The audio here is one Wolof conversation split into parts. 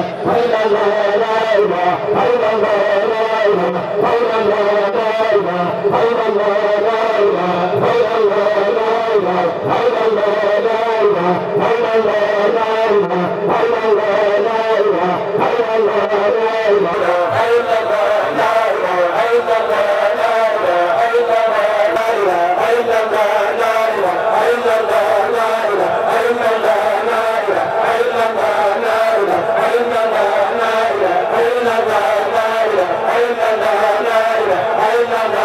Hallelujah. la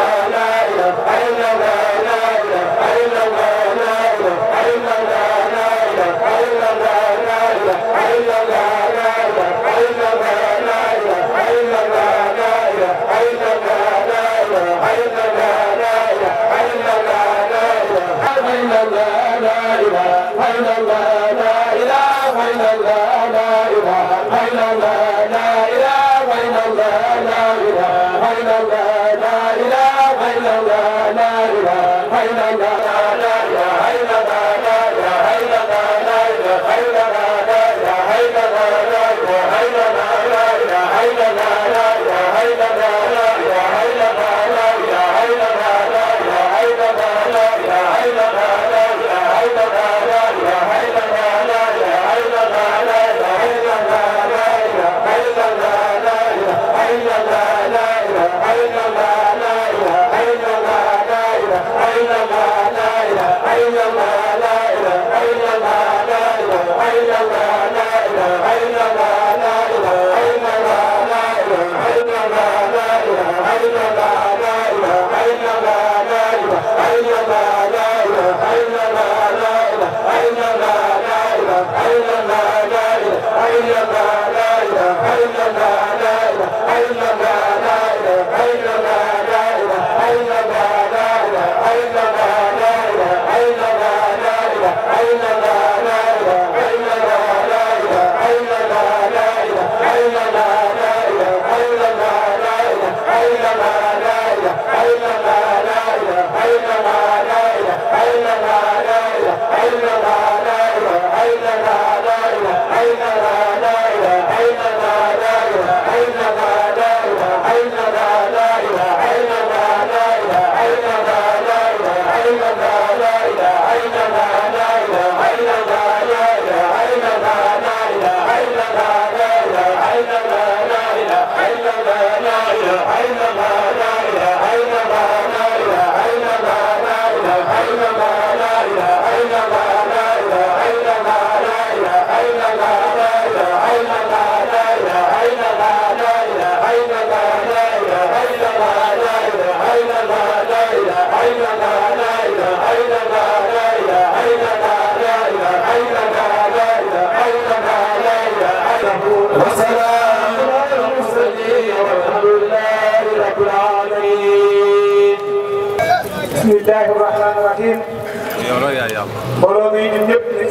meu amor.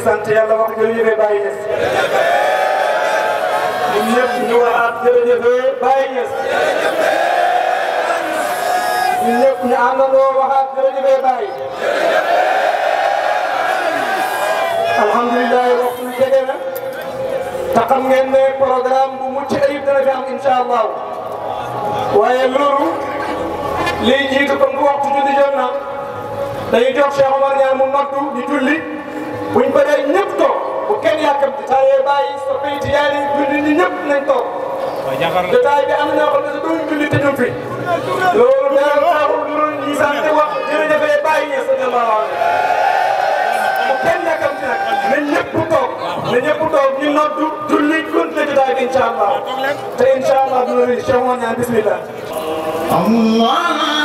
sant yàlla wax jërëjëf Baye Niass. ñun ñëpp ñu waxaat jërëjëf Baye Niass. ñun ñëpp ñu àndandoo waxaat jërëjëf Baye. alhamdulilah waxtu bi jege na. te ngeen ne programme bu mucc ayib dana fi allah. waaye loolu liy jiitu comme bu waxtu julli jot na dañuy jox Cheikh Omar mu noddu di julli. buñ bëree ñëpp toog bu kenn yàkkamti taayee bàyyi soppe yi tijaani julli ñi ñëpp nañ toog. jotaay bi am na ñoo xam ne sa doon julli te ñu fi. loolu dara taxul lu dul ñi sant wax jërëjëfee bàyyi ñeent sa bu kenn yàkkamti nag na ñëpp toog na ñëpp toog ñu noddu julli continué bi incha allah te incha allah dina rëy Cheikh Oumar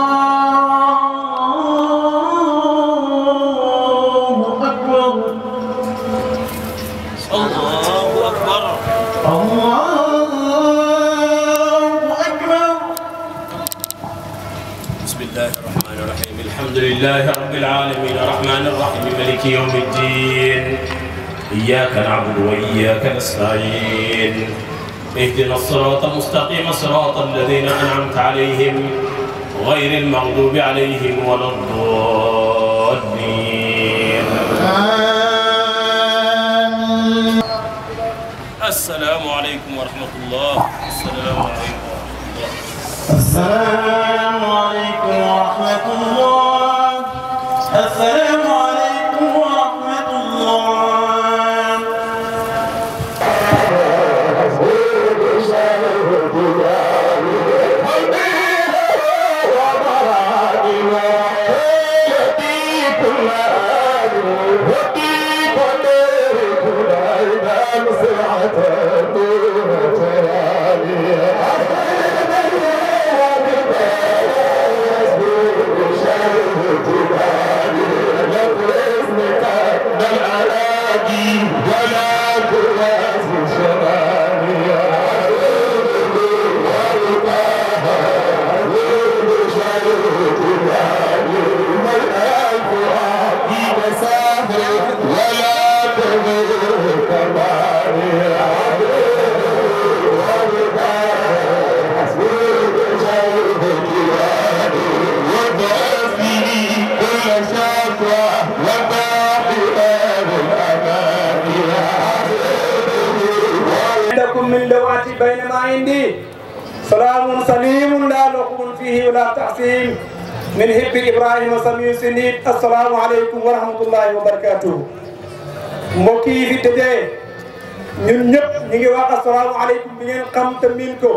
ملك يوم الدين إياك نعبد وإياك نستعين اهدنا الصراط المستقيم صراط الذين أنعمت عليهم غير المغضوب عليهم ولا الضالين السلام عليكم ورحمة الله السلام عليكم ورحمة الله السلام من هب Ibrahima Samiou Sy Nit asalaamaaleykum wa rahmatullahi wa barakaatu. mbokk yi fi tëjee ñun ñëpp ñu ngi wax asalaamaaleykum bi ngeen xam te miin ko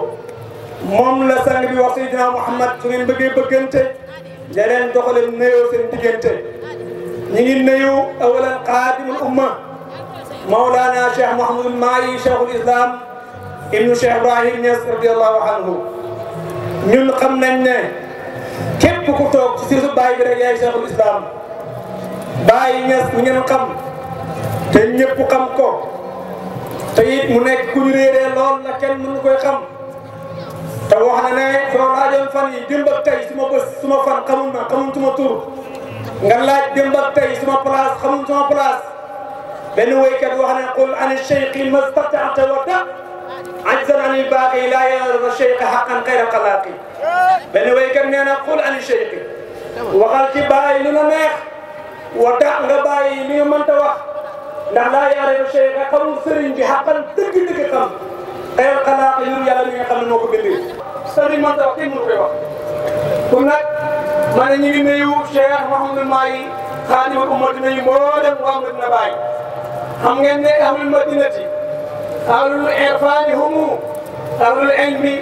moom la sang bi wax Seydina Muhammad su ngeen bëggee bëggante yeneen doxalin nuyoo seen diggante. ñu ngi nuyu awalan xaadimul umma Mawlana Cheikh Mouhamadul Mahi Cheikhul Islam ibnu Cheikh Ibrahim Niass radiyallahu anhu ñun xam nañ ne. képp ku toog ci sirsu baay bi rek yaay cheikhul islam baay ñes mi ngeen xam te ñëpp xam ko te it mu nekk ku ñu réeree lool na kenn mënu koy xam te wax na ne soo laajoon fan yi démb ak tey suma bés suma fan xamul ma xamul suma tur nga laaj démb ak tey suma place xamul suma place benn waykat wax ne qul ani cheikhi mastataata wa ta ajzan ani baaqi laa yara cheikha xaqan xayra xalaaqi benn waykat nee na xul ani cheikh waxal ci bàyyi lu na neex wa tax nga bàyyi li nga mënta wax ndax laa yaare cheikh nga xamul sëriñ bi xaqan dëgg-dëgg xam xeer xalaat yur yàlla mi nga xam ne moo ko bindee sëriñ mënta wax kenn mënu koy wax kon nag ma ne ñu ngi nuyu cheikh Mouhamadou Mahi xaadimul ummati nañu moo dem am Madina Baye xam ngeen ne ahlul madinati ahlul irfani humu ahlul ilmi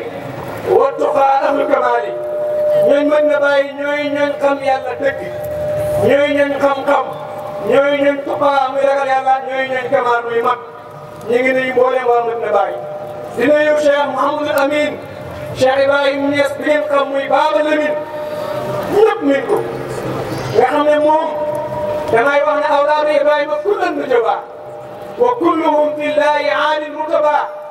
wa tuqaa ahlul kamaali ñooñ mën na bàyyi ñooy ñooñ xam yàlla dëgg ñooy ñooñ xam-xam ñooy ñooñ tuqaa muy ragal yàlla ñooy ñooñ kamaal muy mag ñu ngi nuyu mbooleem waa mën na bàyyi di nuyu Cheikh Mouhamadul Amin Cheikh Ibrahim Niass bi ngeen xam muy Baaba Lamin ñëpp min ko nga xam ne moom damay wax ne awlaadu Ibrahima kullan nujabaa wa kulluhum fillahi aanin mutabaa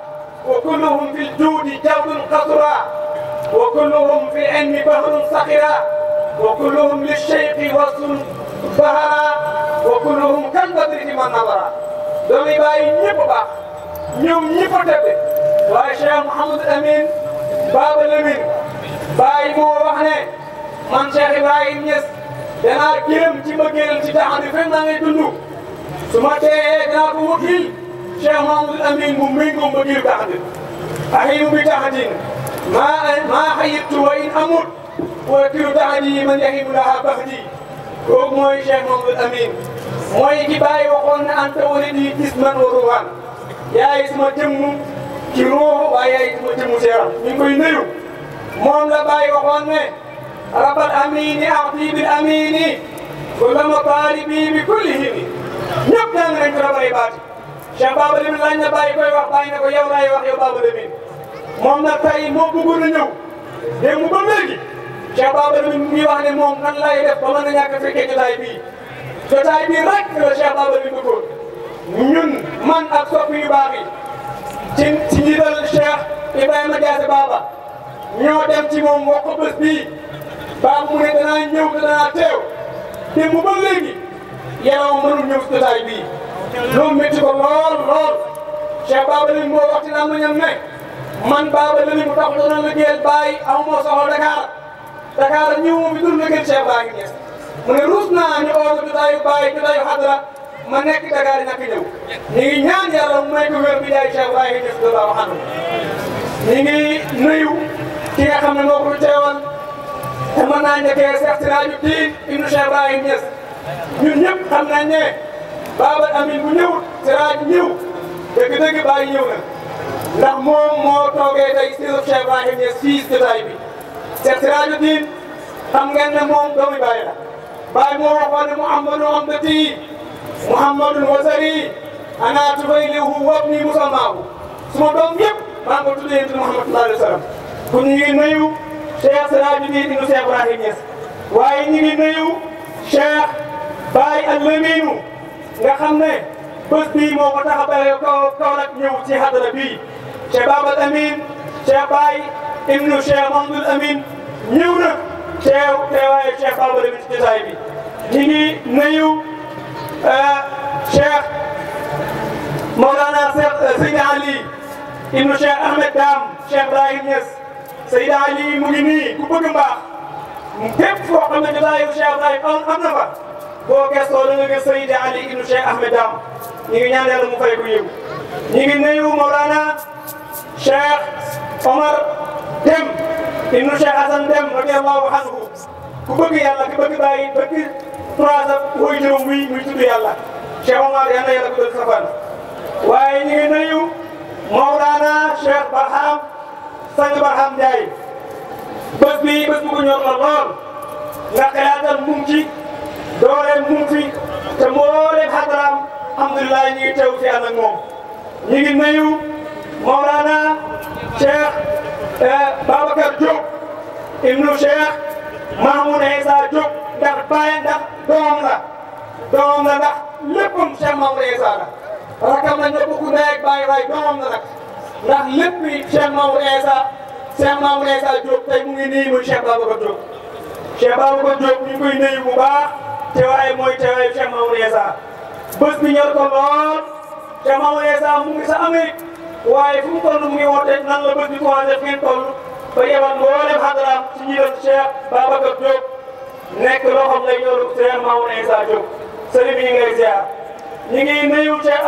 وكلهم في الجود جود قطرا وكلهم في العلم بهر صخرا وكلهم للشيخ وصل بهرا وكلهم كالبدر في منورا دولي باي نيبو باخ نيوم نيبو تبي واشياء محمد الامين باب الامين باي مو وحنا من شيخ ابراهيم يس دنا كيرم جيما جيرل جيتا عندي فين نانجي دندو سما تي دنا كو وكيل شيخ محمد الامين ممينكم بجيب تحدين احيوا بتحدين ما ما حيدت وان اموت وكيو تحدين من يهيب لها بهدي وموي شيخ محمد الامين موي كباي وقلنا انت ولدي جسما وروحا يا اسم تم كروح ويا اسم تم سيرا من كل نيو موم لا باي وقلنا رب الامين اعطي بالامين كلما طالبي بكلهم نبنا من رب العباد Cheikh Baba Lamine lañ na koy wax bàyyi na ko yow laay wax yow Baba Lamine moom nag tey moo bëggoon a ñëw démb ba léegi Cheikh Baba Lamine mi wax ne moom nan lay def ba mën a ñàkk a fekkee jotaay jotaay bii rek la Cheikh Baba Lamine bëggoon ñun man ak sopp yu baax yi ci ci njiital Cheikh Ibrahima Diassé Baba ñoo dem ci moom wax ko bés bii Baba mu ne danaa ñëw te danaa teew démb ba léegi yow mënul ñëw si jotaay bii. loolu métti ko lool lool Cheikh Baba Lamine moo wax ci lan la ñu ne man Baba Lamine mu tax dana liggéeyal bàyyi aw moo soxla Dakar Dakar ñëw moom bi dund na gën Cheikh Baa ngi ñees mu ne ruus naa ñu oo ko jotaayu bàyyi jotaayu xadra ma nekk Dakar yi ñàkk ñëw ñaan yàlla mu may ko wér bi jaay Cheikh Baa ngi ñees doo baax ànd nuyu ki nga xam ne moo teewal te mën naa njëkkee Cheikh Sirajou Dine ibnu Cheikh Baa ngi ñees ñun ñëpp xam nañ ne Baaba Lamine mu ñëw Siraaj ñëw dëgg-dëgg Baye ñëw na ndax moom moo toogee tey Seydou Cheikh Ibrahim Niass fii jotaay bi Cheikh Sirajuddin xam ngeen ne moom doomu Baye la Baye moo waxoon ne Muhammadu amdati Muhammadun wasari ana tufaylihu wabni musammaahu suma doom yëpp maa ngi ko tuddee yonent Muhammad sallallahu alayhi wa sallam kon ñu ngi nuyu Cheikh Sirajuddin ibnu Cheikh Ibrahim Niass waaye ñu ngi nuyu Cheikh Baye Al Lamine nga xam ne bés bii moo ko tax a bare kaw kaw nag ñëw ci xadara bii Cheikh Babal Amin Cheikh Baye ibnu Cheikh Mamadou Amin ñëw na teew teewaayu Cheikh Babal Amin ci jotaay bi ñu ngi nuyu euh, Cheikh Mawlana euh, Seydi Ali ibnu Cheikh Ahmed Dame Cheikh Ibrahim Niass Seydi Ali mu ngi nii ku bëgg mbaax képp koo xam ne jotaayu Cheikh Ibrahim am na fa. boo gëstoo da nga gis Seydi Ali Ahmed Dam ñu ngi ñaan yàlla mu fay ko yiw ñu ngi nuyu Mawlana Cheikh Dem ibnu Cheikh Hassan Dem radiyallahu anhu ku bëgg yàlla ku bëgg bàyyi bëgg trois ans wóoy juróom muy muy tudd yàlla Cheikh Omar yal na yàlla ko waaye ñu ngi nuyu Mawlana Barham sang Barham Ndiaye bés bi bés bu ko ñor la dooleem mu fi te mbooleem xadaraam alhamdulilah ñu ngi teew fi ànd ak moom ñu ngi nuyu Mawlana Cheikh eh, Babacar Diop ibnu Cheikh Mahmoud Issa ndax bàyyi ndax doomam la doomam la ndax léppam Cheikh Mahmoud Issa la rakam la ñëpp ku ndey ak bàyyi waay doomam la ndax lépp yi Cheikh Mahmoud Issa Cheikh Mahmoud Issa Diop mu ngi nii muy Cheikh Babacar Diop Cheikh Babacar Diop ñu ngi koy nuyu bu teewaay mooy teewaayu Cheikh Mamadou Insa bés bi ñor ko lool Cheikh Mamadou Insa mu ngi sa Amérique waaye fu mu toll mu ngi woote nan la bés bi commencé fu ngeen toll ba yebal mboolem xadaraam ci ñi doon Cheikh Babacar Diop nekk loo xam ne ñoo doon Cheikh Mamadou Insa Diop sëriñ bi ñu ngi lay ziar ñu ngi nuyu Cheikh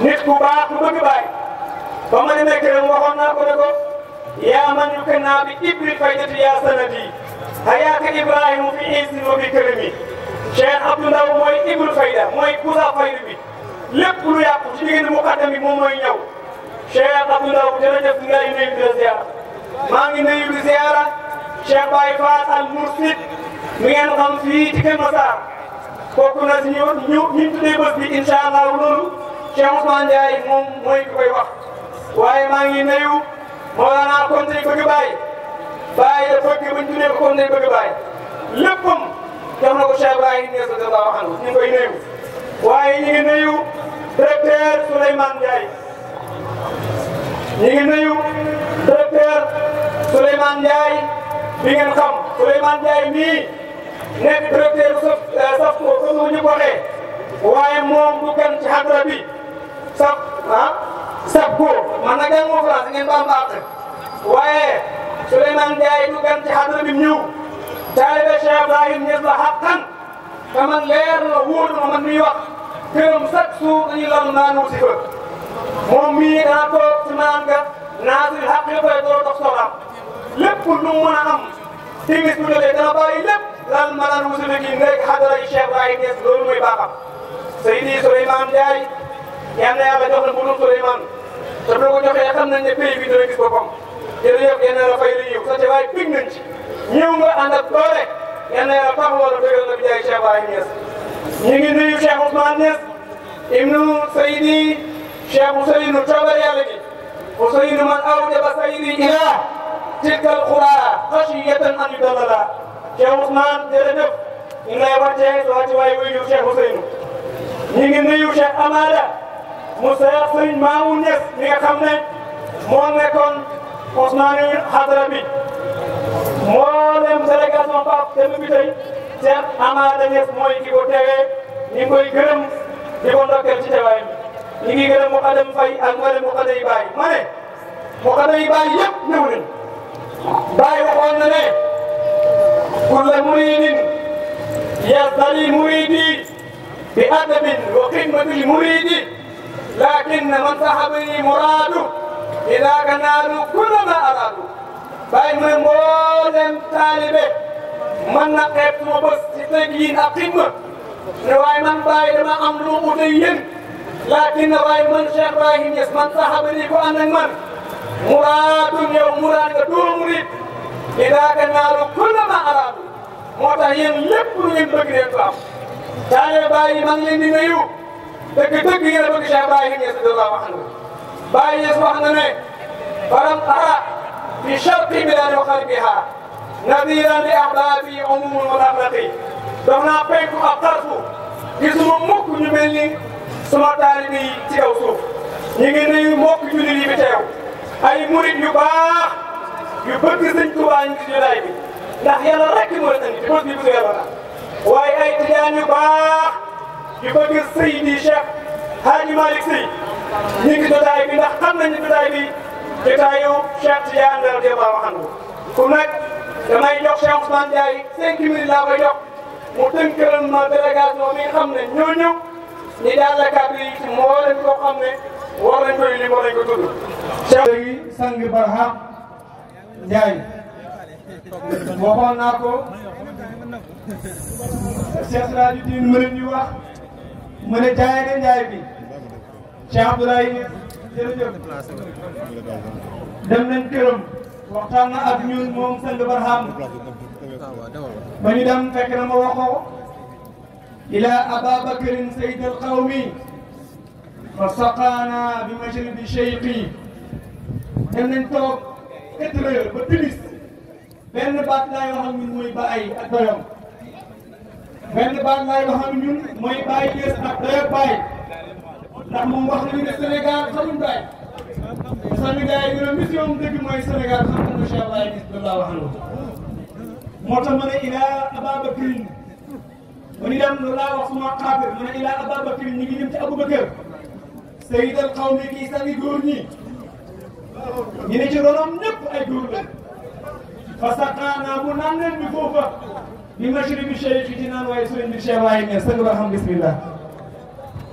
nit ku baax ku bëgg baay ba ma demee kër waxoon naa ko ne ko yaa man yu naa bi ibri fay jëti yaa sanadi hayaata Ibrahima fi isni wa fi kërëmi Cheikh Abdou Ndaw mooy ibnu fayda mooy kusa fayda bi lépp lu yàqu ci diggante muqaddam bi moom mooy ñaw Cheikh Abdou Ndaw jërëjëf di ngay nuyu di la maa ngi nuyu di ziara Cheikh Baye Fall al Mursid mi ngeen xam fii ci Kër Massar kooku na si ñu ñu ñu tuddee bés bi incha allah loolu Cheikh Ousmane Ndiaye moom mooy ki koy wax waaye maa ngi nuyu Mawlana Konte ko ñu bàyyi bàyyi la fekk bañ tuddee ko comme day bëgg a bàyyi léppam na ko Cheikh Ibrahim Niass radiyallahu anhu ñu ngi koy nuyu. ngi nuyu directeur Souleymane Ndiaye ngi nuyu directeur Souleymane Ndiaye bi nekk directeur saf euh, saf ko comme ñu ko waxee moom du kenn ci xadra bi saf ah saf ko man nag yaa ngi ngeen baam baax waaye. Souleymane Ndiaye du gan ci xadra bi ñëw taalibe Cheikh Ibrahim Niass la xaqan te man leer la wóor na man miy wax këram chaque jour dañuy lanu naanoo si fa moom mii dana toog si naan nga naasir xaq yi koy doo dox soxlaam lépp lu mu mën a am timis bu jotee dana bàyyi lépp lan ma naan wusu léegi nekk xadra yi Cheikh Ibrahim Niass loolu mooy baaxam Seydi Souleymane Ndiaye yal na yàlla jox la bu dul Souleymane te bu la ko joxee xam nañ ne pays bi dana gis jërëjëf yal na la fay lu yiw sa teewaay picc nañ ci ñëw nga ànd ak doole yal na la taxawal dëggal la bi jaay Cheikh Baye Niass ñu ngi nuyu Cheikh Ousmane Niass ibnu Seydi Cheikh Ousseynou coobar yàlla gi Ousseynou man awjaba Seydi ilaa tilkal xuraa xasiyatan an yudallala Cheikh Ousmane jërëjëf ñu ngi lay wàccee sa wàccuwaay wuyu Cheikh Ousseynou ñu ngi nuyu Cheikh Amada mu Cheikh Sëriñ Mamoun Niass mi nga xam ne moo nekkoon Ousmane Hadara bi mboolem délégation Pape Demba bi tey Cheikh Amada Niass mooy ki ko teewee ñu ngi koy gërëm di ko ndokkeel ci teewaayam ñu ngi gërëm Moukhadam Faye ak mboolem Moukhadam yi Baye ma ne Moukhadam yi Baye yëpp ñëw nañu Baye waxoon na ne kulla muridin yasdali muridi bi adabin wa xidmatil muridi lakin man sahabani muradu ilaa kanaalu kulla ma araadu bàyyi mu ne mboolem taalibe man na xeeb ma bës ci tegiin ak ne waaye man bàyyi dama am lu mu laakin na waaye man Cheikh Ibrahim Niass man saxaaba yi ko ànd ak man muraadum yow muraad nga doo murid ilaa ma araadu moo tax yéen lépp lu am taalibe bàyyi maa ngi leen di nuyu dëgg dëgg yéen a bëgg Cheikh Baye Niass wax na ne falam ara fi sharqi biladi wa xarbiha nadiran li ahbabi umumul mutarraqi dox naa penku ak xarfu gisuma mukk ñu mel ni suma taalibe yi ci kaw suuf ñu ngi nuyu mbokk yi bi teew ay murit yu baax yu bëgg sëñ Tuubaa ñu ci jotaay bi ndax yàlla rek moo leen andi bés bi bëgg yàlla la waaye ay tijaan yu baax yu bëgg sëy di Cheikh Hadji Malick Sy ñu ngi jotaay bi ndax xam nañu jotaay bi jotaayu Cheikh Tidiane radiyallahu anhu kon nag damay jox Cheikh Ousmane Ndiaye cinq minutes laa koy jox mu tënkal ma délégation mi nga xam ne ñoo ñëw ñi daal la kàddu yi ci moo leen ko xam ne war nañ koy lim war nañ ko tudd. Cheikh sang Barham naa ko Cheikh Rajo Dine mën ñu wax mu ne jaay na Ndiaye bi. Cheikh Abdoulaye jërëjëf dem nañ këram waxtaan na ak ñun moom Sëñ Barham ba ñu dem fekk na a waxoo ila Ababakarin sayyid al-qawmi fa saqaana bi majribi sheyqi dem nañ toog quatre heures ba timis benn baat laay wax ñun mooy ba ay ak doyam benn baat laay wax ñun mooy bàyyi gis ak doyam ndax moom wax nañu ne Sénégal xamuñ bàyyi sànni gars yi ñu ne mission dëgg mooy Sénégal xam nga Cheikh Baye Niass radiyallahu anhu moo tax ma ne ilaa Ababakrin ma ni dem loolu laa wax suma xaabir ma ne ilaa Ababakrin ñu ngi jëm ci Aboubacar sayid al qawmi kii sànni góor ñi ñu ne ci ronam ñëpp ay góor la fa saqaanaa mu naan leen bi foofa ni machri bi Cheikh ci naan waaye sëriñ bi Cheikh Baye Niass sëñ ba xam bismillah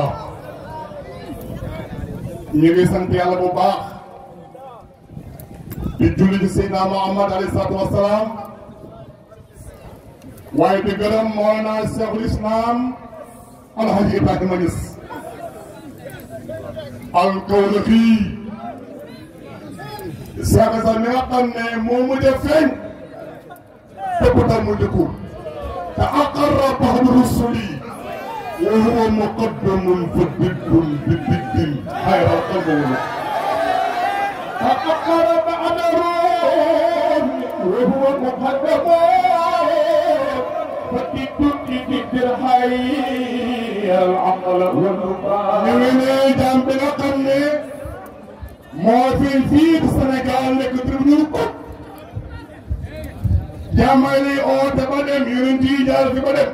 waaw ñu ngi sant yàlla bu baax di julli ci Seydina Muhammad alayhi salaatu wasalaam waaye di gërëm Mawlana Cheikhul Islam Alhaji Ibrahima Niass Alkawlaxi Cheikh sax mi nga xam ne moo mujj a feeñ te mu dëkku te aqarra ba'du rusuli وهو مقدم فبدل ببدل خير قبول فأقر بعد وهو مقدم فبدل ببدل خير العقل والنبال من الجنب الأقل moo fi fii di Sénégal nekk tribunal ko jàmmay lay oo te ba dem yonent yi jaar fi ba dem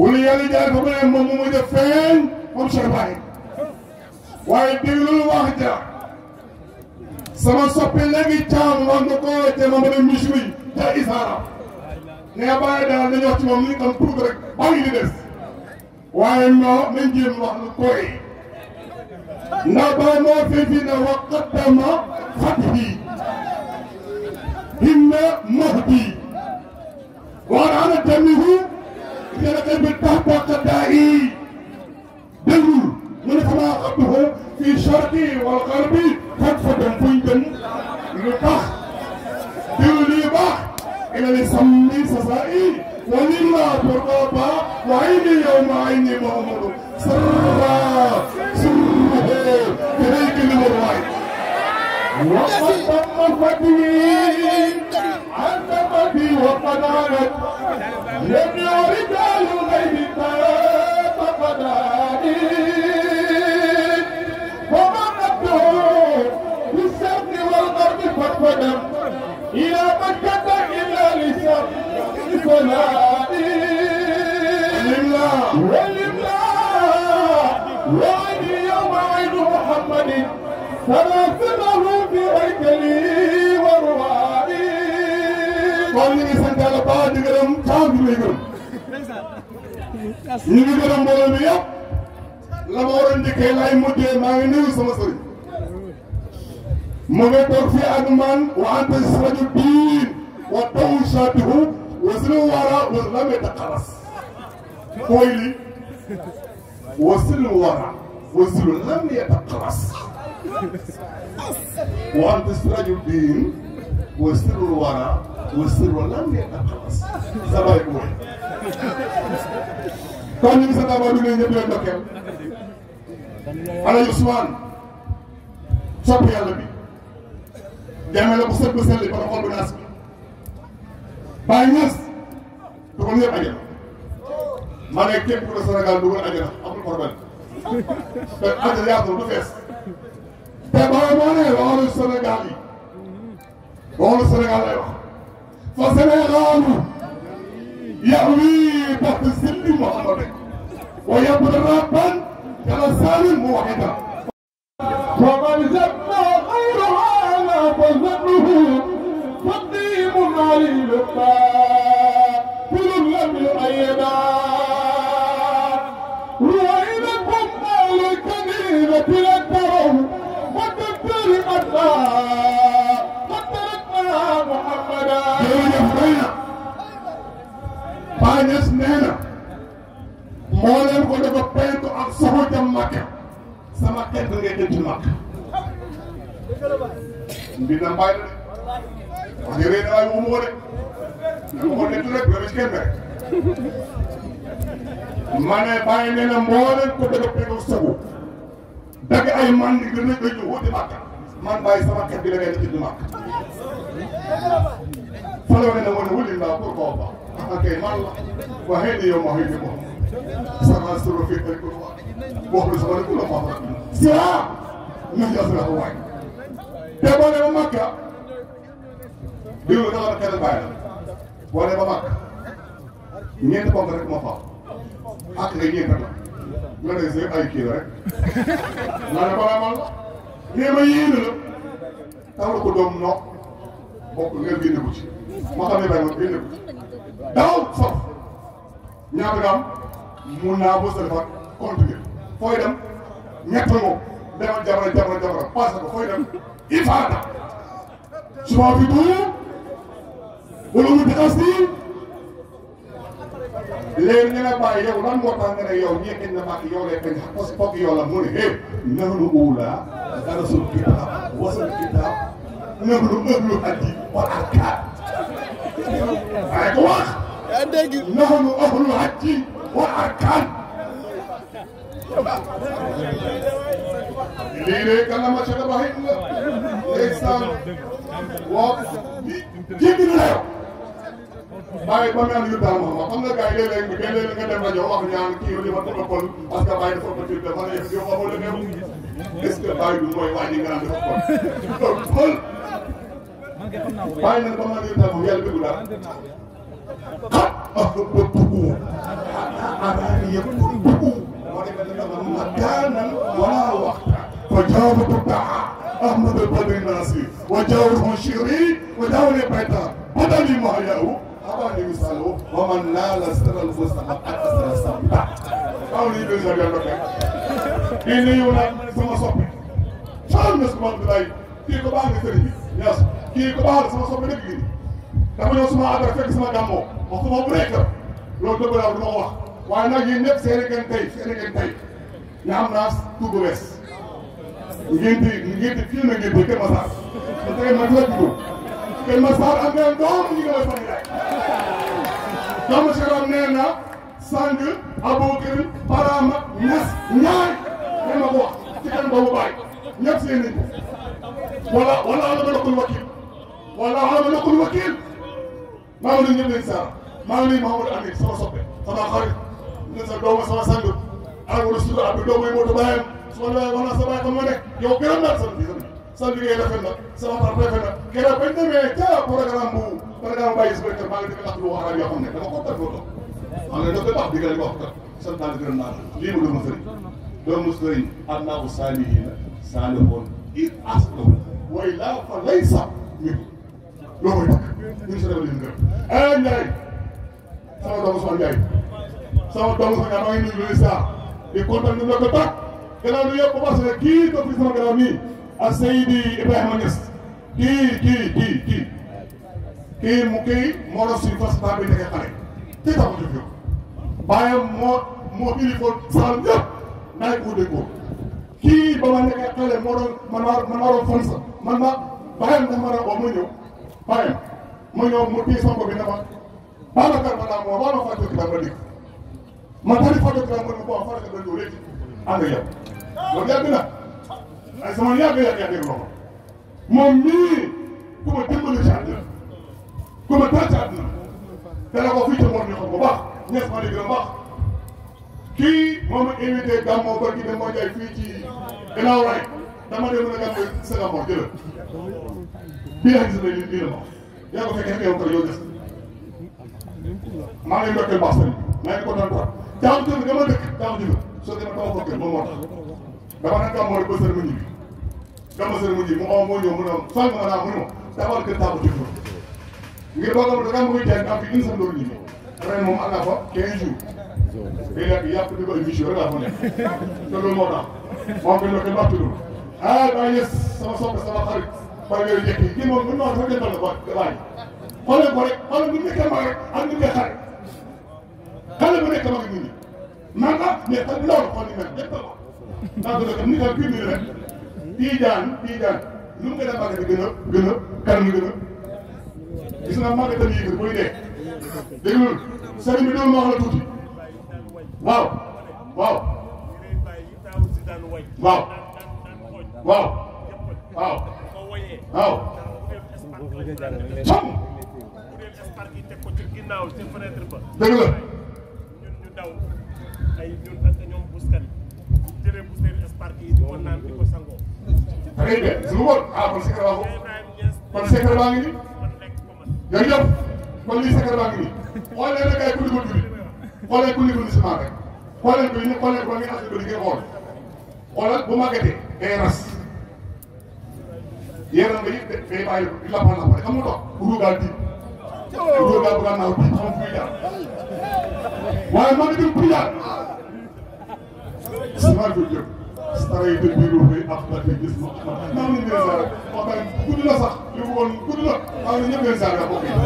wala yàlla jaar fa mu ne moom mu def feeñ moom Cheikh Ibrahim waaye déglul wax ja sama soppi léegi caam wax na ko te ma mën a misri ca isaara ne bàyyi daal dañu wax ci moom li ñu xam tuuti rek baa ngi di des waaye noo nañ jéem wax lu koy ndax baa moo fi fi ne wax qaddama fatihi hinna mahdi wa ana tamihu يرتب التحت قدائي دلو من خلاقته في الشرق والغرب فكفة فيدا لقح دولي بح إلى لسمي سسائي ولله ترقابا وعين يوم عين محمد سرا سره إليك الورائي وقد أنت قدي وقد عرت يبني رجال الغيب فقد عادي faaw ñu ngi lay gërëm. ñu ngi gërëm mbooloo mi yëpp la ma waroon njëkkee lay mujjee maa ngi nuyu sama sëriñ. ma ngi toog fii ak man wa anta siraju diin wa taw saatihu wa sila wara wa lame taqaras mooy li wa sila wara wa sila lam yataqaras wa anta siraju diin wa sila wara والسر والأمن خلاص سبايك موي كون ني ستا بابي ني نيب دوكل انا يوسمان صوب يالا بي جامل ابو سب سلي بار خول ناس باي ناس دوكل ييب اجل ما نك كيب كو سنغال دوكل اجل amul problème te aja yaatul du fees te boo moo ne waxoon Sénégal yi waxoon Sénégal lay wax وسلام يأوي تحت سن محمد ويبدو ربا كرسال موحدا ومن زكى غير هذا فظنه تقديم علي باطل لم يؤيدا وإنكم أهل كبيرة Baay Ñas More than moo leen ko dafa penku ak sama jam Makka sama kent ngay jënd ci Makka mbir na mbaay la wax yëre dawaay wu mu buy it. dama ko nekk rek dama ci kenn rek ma ne bàyyi nee na moo leen ko dafa penku buy it. dagg ay man di gën a gëj wuti Makka man bàyyi sama kent bi la ngay di Makka fa la wane na wane wuli pour koo أتينا الله وهذه يوم هيدي بو سما سلو في تلك الوقت بوحل زمان كل ما ضرب سيرا من يصل هو واحد تبغى مكة يقول لك أنا كذا بعير ولا بمكة ñeent pompe rek moo fa ak la ñeent rek la nga des ay kii la rek ma ne balaa man nee ma yéene la taw la ko doom no bokk nga génne ko ci ma xam ne bay ma génne ko ci daaw sof ñaata nga am naa bës sa defar fooy dem ñett nga jabara jabara jabara passé fooy dem il faata souvent bi tuuti wala mu jaxas nii léegi ñu ne bàyyi yow lan moo tax nga ne yow ñii xëy na maa yow lay bañ a parce que foog yow la mu ne eh nahnu uula darasul kitaab wasal kitaab nahnu ahlu hadi wal arkaat waaye ku wax. yaa dégg nahnu ahlul haqqi wal arkaan. lii de kàllaama Cheikh Ibrahim la. ndeysaan waaw jéggi na yow. bàyyi ba naan yu daal Mouhamad xam nga gars yi léeg-léeg léeg-léeg nga dem rajo wax ñaan kii la dafa tëb a kon parce que bàyyi dafa bëccëg dafa ne yow xamoo la néew. est ce que bàyyi bi mooy wàññi nga naan dafa kon. donc xool bàyyi nag ba naan yu daal moom yàlla déglu daal. yes kii ko ɓaade sama soppe dama ñëw suma àgg fekk sama gàmmoo wax suma bu nekk loolu wax waaye nag yéen ñëpp seen i gën tey seen i gën tey ñu am naas Touba Ouest. ngeen ma dina dugg Kër Massar am na doom ñu ngi lay sànni rek. donc monsieur nee na sang Abubakar Barhama Ñas ñaar ngeen wala wala ala ma nekkul wakil maa ngi nuyu ñëpp leen Sarr maa ngi nuyu Mouhamadou Amine sama soppe sama xarit ne sa dooma sama sang alhamdulilah su ko amee doom mooy mootu bàyyam su ma la wax naa sa bàyyi xam nga nekk yow gërëm naa sama biir sa liggéey rafet na sama par rafet na keroog bañ demee ca programme bu programme bàyyi su bëri maa ngi def ndax lu wax yoo xam ne dama ko tàggatoo ko maa ngi doon baax digal ko wax kat sant naa la gërëm naa la lii ma doon ma sëriñ doon ma sëriñ am naa ko saalihiina saalihoon it as la way laa fa lay sax mi loo koy takk ministre dafa leen gërëm El Hadj Ndiaye sama doomu Ousmane Ndiaye sama doomu Ousmane Ndiaye maa ngi nuyu Louga di kontaan ñu ko takk gannaaw bi kii toog ci sama gannaaw nii Seydi Ibrahima Niass kii kii kii kii kii mu kii moo doon suñu fas baa bi nekkee xale kii taxaw ci fi bàyyam moo moo uniforme saal ñëpp naaj ko déggoo kii ba ma nekkee xale moo doon man maa man maa doon fan sa man ma bàyyam dafa ma doon oo ma ñëw. bàyyi ma ñëw mu bii sonko bi ne ma Babacar ma naa moo wala Fatou Kitam ma dikk ma tari Fatou Kitam ma ne ko Fatou Kitam ñëw léegi ànd ak yow loolu yàgg na ay sama yàgg yàgg yàgg ko moom mii ku ma dimbali ci àddina ku ma tànn ci àddina te la ko fii ci moom ñu xam bu baax ñes ma dégg na baax kii moom a invité gàmmoo barki dem moo jaay fii ci ginnaaw rek dama dem na gàmmoo sa gàmmoo jëlal bii xam si ne lii lii la wax yaa ko fekkee yow kër yow des maa ngi ndokkeel baax sëriñ maa ngi kontaan trop jaamu jëf dama dëkk jaamu jëf soo demee dama fokkee moom moo tax dama nag gàmmoo rek ba sëriñ mu ñibbi gàmmo sëriñ mu ñibbi mu aw moo ñëw mu ne fànn ma naa mu ne ma dawal kër taabu jëf ngir boo xam ne danga muy jaay am fi une semaine loolu ñibbi ren moom am naa fa 15 jours day nekk yàpp di ko émission rek laa fa nekk te loolu moo tax moom bi ndokkeel baax tudd ah daa yes sama soppe sama xarit mooy yooyu njëkk yi kii moom bu ñu waxoon sax jëndal ko waa ji xoolee ko rek xoolal bu nekkee mag rek ak bu nekkee xale xale bu nekk mag ak nit ñi man ah mais xam loolu xool ni mel jënd ko ndax dina ko nit ak kii nii rek tiijaan tiijaan lu mu gën a màgg di gën a gën a kanam gën a gis nga màgg tamit yëngu booy dee dégg nga sëriñ bi dama ma wax la tuuti waaw waaw waaw waaw waaw. waaw som dëgg la da ngay dee su ma bon ah kon secret baa ko kon secret baa ngi nii jërëjëf kon lii secret baa ngi nii xoolee na kay ku liggéey julli xoolee ku liggéey ciment rek xoolee ko xoolee ko li nga xam ne ko liggéey xool xoolal bu màggatee day ras yéen a ngi it de fee bàyyi di la ko rek xam nga toog bu dugg daal di bu dugg daal bu daan naaw di xam fuy jaar waaye man itam fuy jaar si maa ngi jëm si tara yi tëj biir fay ak ba tey gis ma xam naa leen leen saara wax dëgg gudd na sax li mu woon gudd na maa ngi leen ñëpp leen saara bokk